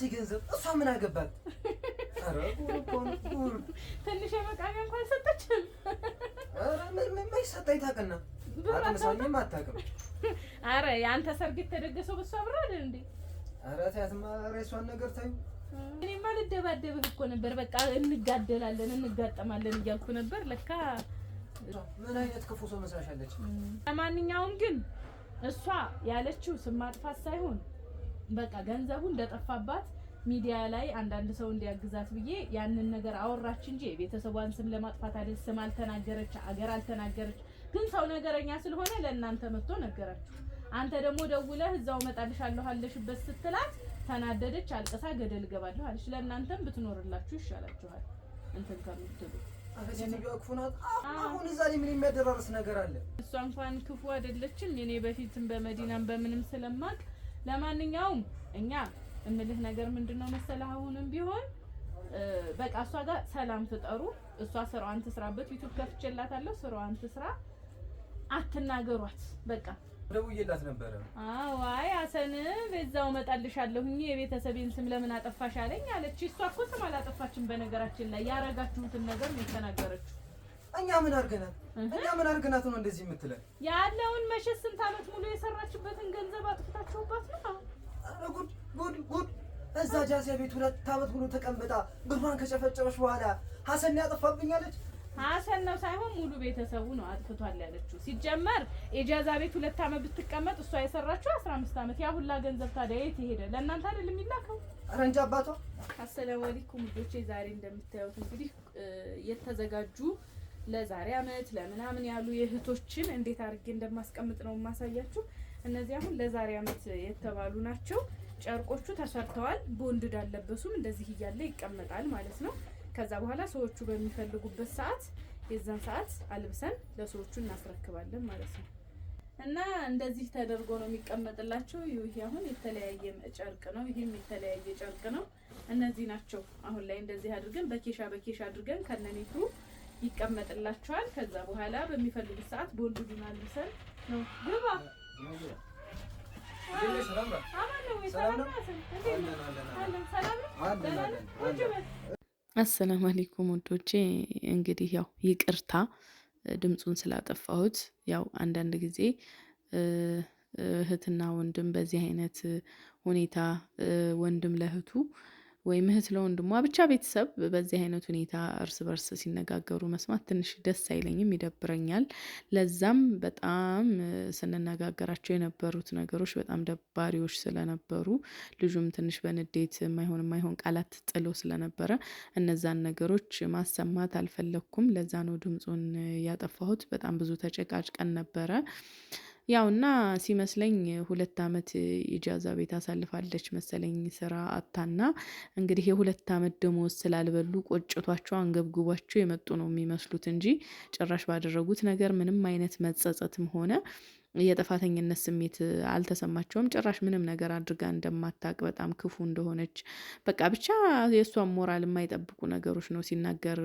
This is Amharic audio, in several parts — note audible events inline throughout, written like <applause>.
የራሴ ገንዘብ እሷ ምን አገባት? ትንሽ የመቃሚያ እንኳን ሰጠችም። ሰጠችን። ማይሰጠኝ ታውቅና አትመሳኝም፣ አታውቅም። አረ የአንተ ሰርግ የተደገሰው በሷ ብር አይደል እንዴ? አረ ተያትማ፣ አረ የሷን ነገር ተይው። እኔማ ልደባደብህ እኮ ነበር። በቃ እንጋደላለን፣ እንጋጠማለን እያልኩ ነበር። ለካ ምን አይነት ክፉ ሰው መስራሻለች። ለማንኛውም ግን እሷ ያለችው ስም ማጥፋት ሳይሆን በቃ ገንዘቡ እንደጠፋባት ሚዲያ ላይ አንዳንድ ሰው እንዲያግዛት ብዬ ያንን ነገር አወራች እንጂ የቤተሰቧን ስም ለማጥፋት አይደል። ስም አልተናገረች፣ አገር አልተናገረች። ግን ሰው ነገረኛ ስለሆነ ለእናንተ መጥቶ ነገራችሁ። አንተ ደግሞ ደውለህ እዛው እመጣልሻለሁ አለሽበት ስትላት ተናደደች፣ አልቀሳ ገደል እገባለሁ አለች። ለእናንተም ብትኖርላችሁ ይሻላችኋል እንትን ከምትሉ አሁን እዛ ምን የሚያደራርስ ነገር አለ? እሷ እንኳን ክፉ አይደለችም። እኔ በፊትም በመዲናም በምንም ስለማቅ ለማንኛውም እኛ እምልህ ነገር ምንድነው መሰለህ፣ አሁንም ቢሆን በቃ እሷ ጋር ሰላም ፍጠሩ። እሷ ስራዋን ትስራበት። ዩቲዩብ ከፍቼላታለሁ፣ ስራዋን ትስራ። አትናገሯት በቃ ደውዬላት ነበረ። አዋይ አሰን በዛው እመጣልሻለሁኝ የቤተሰቤን ስም ለምን አጠፋሽ አለኝ አለች። እሷ እኮ ስም አላጠፋችም። በነገራችን ላይ ያረጋችሁትን ነገር ነው የተናገረችው። እኛ ምን አድርገናት እኛ ምን አድርገናት ነው እንደዚህ የምትለን? ያለውን መሸት ስንት ዓመት ሙሉ የሰራችበትን ገንዘብ አጥፍታችሁባት ነው። ኧረ ጉድ ጉድ ጉድ! እዛ ጃሴ ቤት ሁለት ዓመት ሙሉ ተቀምጣ ብሯን ከጨፈጨበች በኋላ ሀሰን ያጠፋብኛለች። ሀሰን ነው ሳይሆን ሙሉ ቤተሰቡ ነው አጥፍቷል ያለችው። ሲጀመር ኢጃዛ ቤት ሁለት ዓመት ብትቀመጥ እሷ የሰራችው አስራ አምስት ዓመት ያ ሁላ ገንዘብ ታዲያ የት ይሄደ? ለእናንተ አይደል የሚላከው? ኧረ አባቷ። አሰላሙ አለይኩም ልጆቼ፣ ዛሬ እንደምታዩት እንግዲህ የተዘጋጁ ለዛሬ አመት ለምናምን ያሉ የእህቶችን እንዴት አድርጌ እንደማስቀምጥ ነው የማሳያችሁ። እነዚህ አሁን ለዛሬ አመት የተባሉ ናቸው። ጨርቆቹ ተሰርተዋል። ቦንድድ አለበሱም። እንደዚህ እያለ ይቀመጣል ማለት ነው። ከዛ በኋላ ሰዎቹ በሚፈልጉበት ሰዓት የዛን ሰዓት አልብሰን ለሰዎቹ እናስረክባለን ማለት ነው። እና እንደዚህ ተደርጎ ነው የሚቀመጥላቸው። ይህ አሁን የተለያየ ጨርቅ ነው፣ ይህም የተለያየ ጨርቅ ነው። እነዚህ ናቸው አሁን ላይ እንደዚህ አድርገን በኬሻ በኬሻ አድርገን ከነኒቱ ይቀመጥላቸዋል። ከዛ በኋላ በሚፈልጉት ሰዓት ቦንዱ ዱና ልብሰን ነው ግባ አሰላም አለይኩም ወዶቼ፣ እንግዲህ ያው ይቅርታ ድምፁን ስላጠፋሁት። ያው አንዳንድ ጊዜ እህትና ወንድም በዚህ አይነት ሁኔታ ወንድም ለእህቱ ወይም እህት ለወንድሟ ብቻ ቤተሰብ በዚህ አይነት ሁኔታ እርስ በርስ ሲነጋገሩ መስማት ትንሽ ደስ አይለኝም፣ ይደብረኛል። ለዛም በጣም ስንነጋገራቸው የነበሩት ነገሮች በጣም ደባሪዎች ስለነበሩ ልጁም ትንሽ በንዴት የማይሆን የማይሆን ቃላት ጥሎ ስለነበረ እነዛን ነገሮች ማሰማት አልፈለግኩም። ለዛ ነው ድምፁን ያጠፋሁት። በጣም ብዙ ተጨቃጭቀን ነበረ። ያው እና ሲመስለኝ ሁለት አመት ኢጃዛ ቤት አሳልፋለች መሰለኝ ስራ አታና እንግዲህ የሁለት አመት ደሞዝ ስላልበሉ ቆጭቷቸው አንገብግቧቸው የመጡ ነው የሚመስሉት እንጂ ጭራሽ ባደረጉት ነገር ምንም አይነት መጸጸትም ሆነ የጥፋተኝነት ስሜት አልተሰማቸውም። ጭራሽ ምንም ነገር አድርጋ እንደማታቅ በጣም ክፉ እንደሆነች በቃ ብቻ የእሷን ሞራል የማይጠብቁ ነገሮች ነው ሲናገር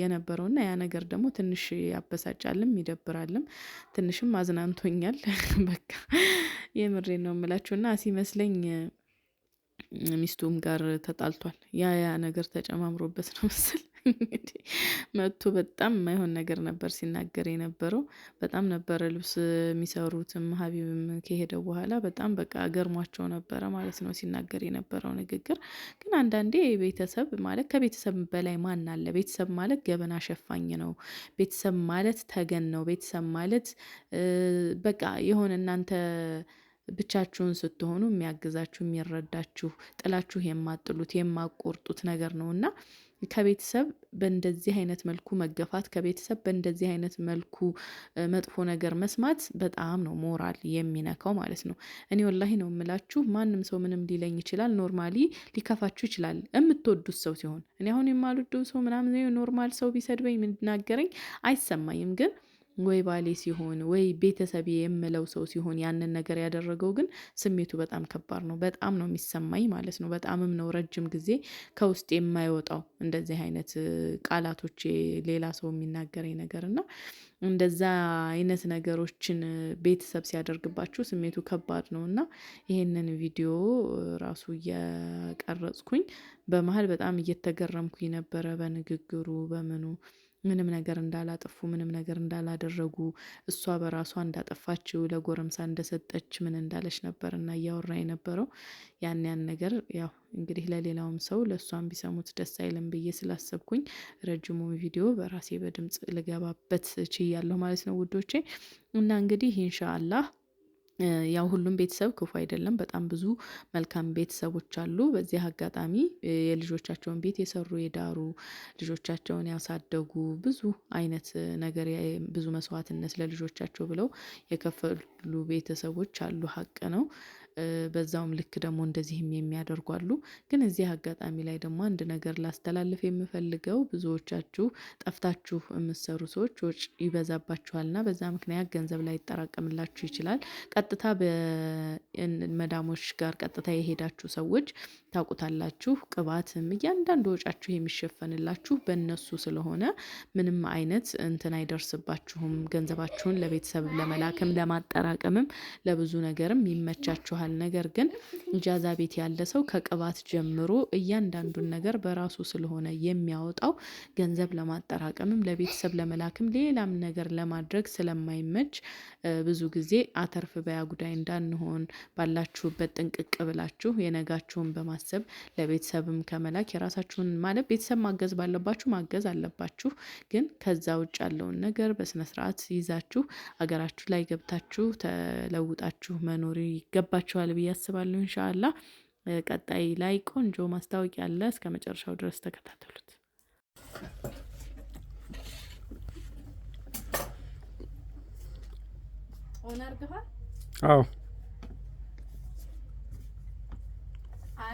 የነበረው እና ያ ነገር ደግሞ ትንሽ ያበሳጫልም ይደብራልም ትንሽም አዝናንቶኛል። <laughs> በቃ የምሬን ነው የምላችሁ እና ሲመስለኝ ሚስቱም ጋር ተጣልቷል። ያ ያ ነገር ተጨማምሮበት ነው ምስል እንግዲህ መቶ በጣም የማይሆን ነገር ነበር ሲናገር የነበረው። በጣም ነበረ ልብስ የሚሰሩትም ሀቢብም ከሄደ በኋላ በጣም በቃ ገርሟቸው ነበረ ማለት ነው ሲናገር የነበረው ንግግር። ግን አንዳንዴ ቤተሰብ ማለት ከቤተሰብ በላይ ማን አለ? ቤተሰብ ማለት ገበና ሸፋኝ ነው። ቤተሰብ ማለት ተገን ነው። ቤተሰብ ማለት በቃ የሆነ እናንተ ብቻችሁን ስትሆኑ የሚያግዛችሁ የሚረዳችሁ ጥላችሁ የማጥሉት የማቆርጡት ነገር ነው እና ከቤተሰብ በእንደዚህ አይነት መልኩ መገፋት ከቤተሰብ በእንደዚህ አይነት መልኩ መጥፎ ነገር መስማት በጣም ነው ሞራል የሚነካው ማለት ነው። እኔ ወላሂ ነው የምላችሁ፣ ማንም ሰው ምንም ሊለኝ ይችላል። ኖርማሊ ሊከፋችሁ ይችላል የምትወዱት ሰው ሲሆን። እኔ አሁን የማልወደው ሰው ምናምን ኖርማል ሰው ቢሰድበኝ ምናገረኝ አይሰማኝም ግን ወይ ባሌ ሲሆን ወይ ቤተሰብ የምለው ሰው ሲሆን ያንን ነገር ያደረገው ግን ስሜቱ በጣም ከባድ ነው። በጣም ነው የሚሰማኝ ማለት ነው። በጣምም ነው ረጅም ጊዜ ከውስጥ የማይወጣው እንደዚህ አይነት ቃላቶች፣ ሌላ ሰው የሚናገረኝ ነገር እና እንደዛ አይነት ነገሮችን ቤተሰብ ሲያደርግባችሁ ስሜቱ ከባድ ነው እና ይሄንን ቪዲዮ ራሱ እየቀረጽኩኝ በመሀል በጣም እየተገረምኩኝ ነበረ በንግግሩ በምኑ ምንም ነገር እንዳላጠፉ ምንም ነገር እንዳላደረጉ እሷ በራሷ እንዳጠፋችው ለጎረምሳ እንደሰጠች ምን እንዳለች ነበር እና እያወራ የነበረው ያን ያን ነገር ያው እንግዲህ ለሌላውም ሰው ለእሷም ቢሰሙት ደስ አይልም ብዬ ስላሰብኩኝ ረጅሙን ቪዲዮ በራሴ በድምጽ ልገባበት ችያለሁ ማለት ነው ውዶቼ እና እንግዲህ ኢንሻአላህ ያው ሁሉም ቤተሰብ ክፉ አይደለም። በጣም ብዙ መልካም ቤተሰቦች አሉ። በዚህ አጋጣሚ የልጆቻቸውን ቤት የሰሩ የዳሩ ልጆቻቸውን ያሳደጉ ብዙ አይነት ነገር ብዙ መስዋዕትነት ለልጆቻቸው ብለው የከፈሉ ቤተሰቦች አሉ። ሀቅ ነው። በዛውም ልክ ደግሞ እንደዚህም የሚያደርጉ አሉ። ግን እዚህ አጋጣሚ ላይ ደግሞ አንድ ነገር ላስተላልፍ የምፈልገው ብዙዎቻችሁ ጠፍታችሁ የምትሰሩ ሰዎች ወጪ ይበዛባችኋልና በዛ ምክንያት ገንዘብ ላይ ይጠራቀምላችሁ ይችላል። ቀጥታ በመዳሞች ጋር ቀጥታ የሄዳችሁ ሰዎች ታውቁታላችሁ። ቅባትም እያንዳንዱ ወጫችሁ የሚሸፈንላችሁ በእነሱ ስለሆነ ምንም አይነት እንትን አይደርስባችሁም። ገንዘባችሁን ለቤተሰብ ለመላክም ለማጠራቀምም ለብዙ ነገርም ይመቻችኋል። ነገር ግን ኢጃዛ ቤት ያለ ሰው ከቅባት ጀምሮ እያንዳንዱን ነገር በራሱ ስለሆነ የሚያወጣው ገንዘብ ለማጠራቀምም ለቤተሰብ ለመላክም ሌላም ነገር ለማድረግ ስለማይመች ብዙ ጊዜ አተርፍ በያ ጉዳይ እንዳንሆን ባላችሁበት ጥንቅቅ ብላችሁ የነጋችሁን በማስ ስናስብ ለቤተሰብም ከመላክ የራሳችሁን ማለት ቤተሰብ ማገዝ ባለባችሁ ማገዝ አለባችሁ። ግን ከዛ ውጭ ያለውን ነገር በስነስርዓት ይዛችሁ ሀገራችሁ ላይ ገብታችሁ ተለውጣችሁ መኖር ይገባችኋል ብዬ አስባለሁ። እንሻላ ቀጣይ ላይ ቆንጆ ማስታወቂያ አለ። እስከ መጨረሻው ድረስ ተከታተሉት። አዎ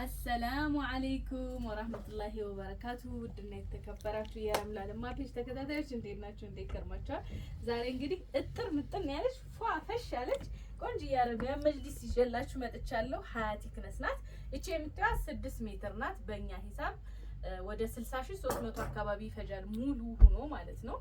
አሰላሙ አለይኩም ወራህመቱላሂ ወበረካቱ። ውድና የተከበራችሁ የረምላ ለማ ተከታታዮች እንዴት ናቸው እንዴት ከርማችኋል? ዛሬ እንግዲህ እጥር ምጥን ያለች ፏፈሽ ያለች ቆንጆ የአረቢያ መጅሊስ ይዤላችሁ መጥቻለሁ። ሀያቲ ክነስ ናት። ይቺ የምታዩት ስድስት ሜትር ናት። በእኛ ሂሳብ ወደ 60 ሺህ 300 አካባቢ ይፈጃል ሙሉ ሆኖ ማለት ነው።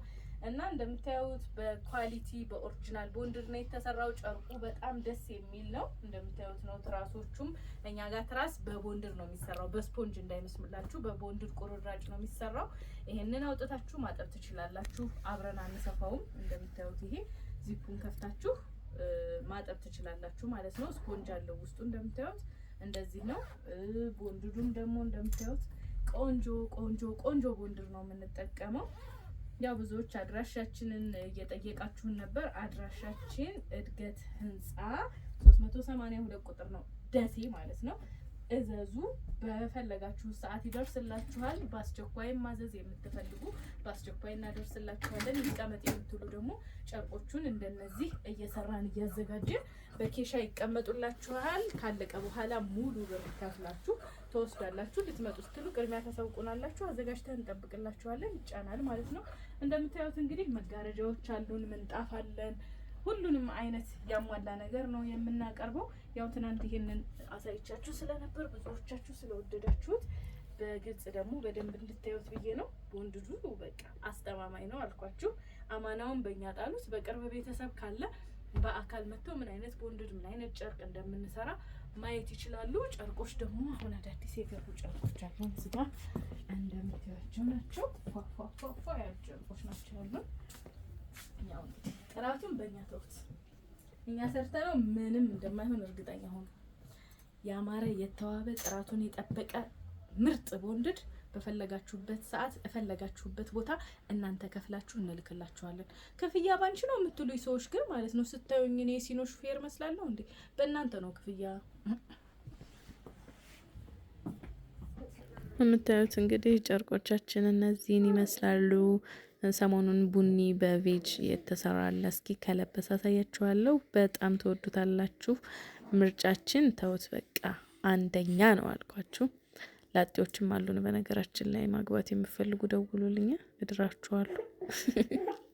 እና እንደምታዩት በኳሊቲ በኦሪጂናል ቦንድድ ነው የተሰራው። ጨርቁ በጣም ደስ የሚል ነው። እንደምታዩት ነው። ትራሶቹም እኛ ጋር ትራስ በቦንድድ ነው የሚሰራው፣ በስፖንጅ እንዳይመስምላችሁ። በቦንድድ ቁርራጭ ነው የሚሰራው። ይሄንን አውጥታችሁ ማጠብ ትችላላችሁ። አብረን አንሰፋውም። እንደምታዩት ይሄ ዚፑን ከፍታችሁ ማጠብ ትችላላችሁ ማለት ነው። ስፖንጅ አለው ውስጡ እንደምታዩት እንደዚህ ነው። ቦንድዱም ደግሞ እንደምታዩት ቆንጆ ቆንጆ ቆንጆ ቦንድር ነው የምንጠቀመው። ያው ብዙዎች አድራሻችንን እየጠየቃችሁን ነበር። አድራሻችን እድገት ህንፃ 382 ቁጥር ነው፣ ደሴ ማለት ነው። እዘዙ። በፈለጋችሁ ሰዓት ይደርስላችኋል። በአስቸኳይ ማዘዝ የምትፈልጉ በአስቸኳይ እናደርስላችኋለን። ይቀመጥ የምትሉ ደግሞ ጨርቆቹን እንደነዚህ እየሰራን እያዘጋጀን በኬሻ ይቀመጡላችኋል። ካለቀ በኋላ ሙሉ ብር ከፍላችሁ ተወስዳላችሁ ልትመጡ ስትሉ ቅድሚያ ተሰውቁናላችሁ፣ አዘጋጅተን እንጠብቅላችኋለን። ይጫናል ማለት ነው። እንደምታዩት እንግዲህ መጋረጃዎች አሉን፣ ምንጣፍ አለን፣ ሁሉንም አይነት ያሟላ ነገር ነው የምናቀርበው። ያው ትናንት ይሄንን አሳይቻችሁ ስለነበር ብዙዎቻችሁ ስለወደዳችሁት በግልጽ ደግሞ በደንብ እንድታዩት ብዬ ነው። ወንድዱ በቃ አስተማማኝ ነው አልኳችሁ። አማናውን በእኛ ጣሉት። በቅርብ ቤተሰብ ካለ በአካል መጥቶ ምን አይነት ቦንድድ ምን አይነት ጨርቅ እንደምንሰራ ማየት ይችላሉ። ጨርቆች ደግሞ አሁን አዳዲስ የገቡ ጨርቆች አሉ። እዚጋ እንደምታያቸው ናቸው። ፏፏፏፏ ያሉ ጨርቆች ናቸው ያሉ። ያው ጥራቱን በእኛ ተውት፣ እኛ ሰርተነው ምንም እንደማይሆን እርግጠኛ ሆኑ። ያማረ የተዋበ ጥራቱን የጠበቀ ምርጥ ቦንድድ በፈለጋችሁበት ሰዓት እፈለጋችሁበት ቦታ እናንተ ከፍላችሁ እንልክላችኋለን። ክፍያ ባንቺ ነው የምትሉኝ ሰዎች ግን ማለት ነው ስታዩኝ እኔ ሲኖ ሹፌር መስላለሁ እንዴ? በእናንተ ነው ክፍያ የምታዩት እንግዲህ ጨርቆቻችን እነዚህን ይመስላሉ። ሰሞኑን ቡኒ በቬጅ የተሰራለ እስኪ ከለበሰ አሳያችኋለሁ። በጣም ተወዱታላችሁ። ምርጫችን ተውት በቃ አንደኛ ነው አልኳችሁ። ላጤዎችም አሉን በነገራችን ላይ ማግባት የምፈልጉ ደውሉልኝ፣ እድራችኋለሁ። <laughs>